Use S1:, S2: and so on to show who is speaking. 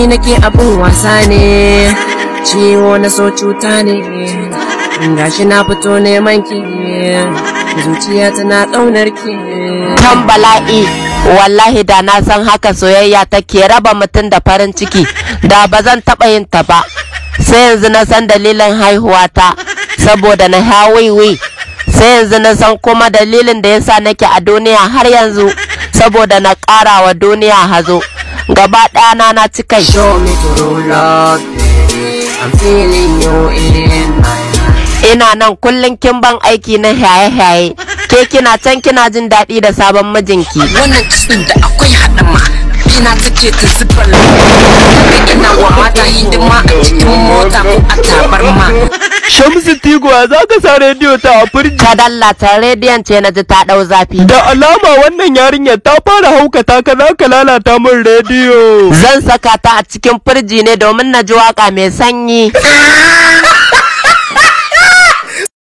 S1: ji nake abu wasa ne ciwo na so cuta ne gashi na fito neman ki zuciya tana ɗaunar ki kan bala'i wallahi da na san haka soyayya take raba mutum da farin ciki da ba zan taɓa yin ta ba sai yanzu na san dalilin haihuwata saboda na hawiwi sai yanzu na san kuma dalilin da yasa nake a duniya har yanzu saboda na ƙara wa duniya hazo gaba ɗaya na na ci kai ina nan kullum kin ban aiki na haye-haye ke kina can kina jin daɗi da sabon mijinki wannan cikin da akwai haɗama ina take ta zubar ina wa mata hidima Shamsu Tiguwa za ka sa rediyo ta a firji. Ka dallata rediyon ce na ji ta ɗau zafi. Da alama wannan yarinyar ta fara haukata ka za ka lalata min rediyo. Zan saka ta a cikin firji ne domin na ji waƙa mai sanyi.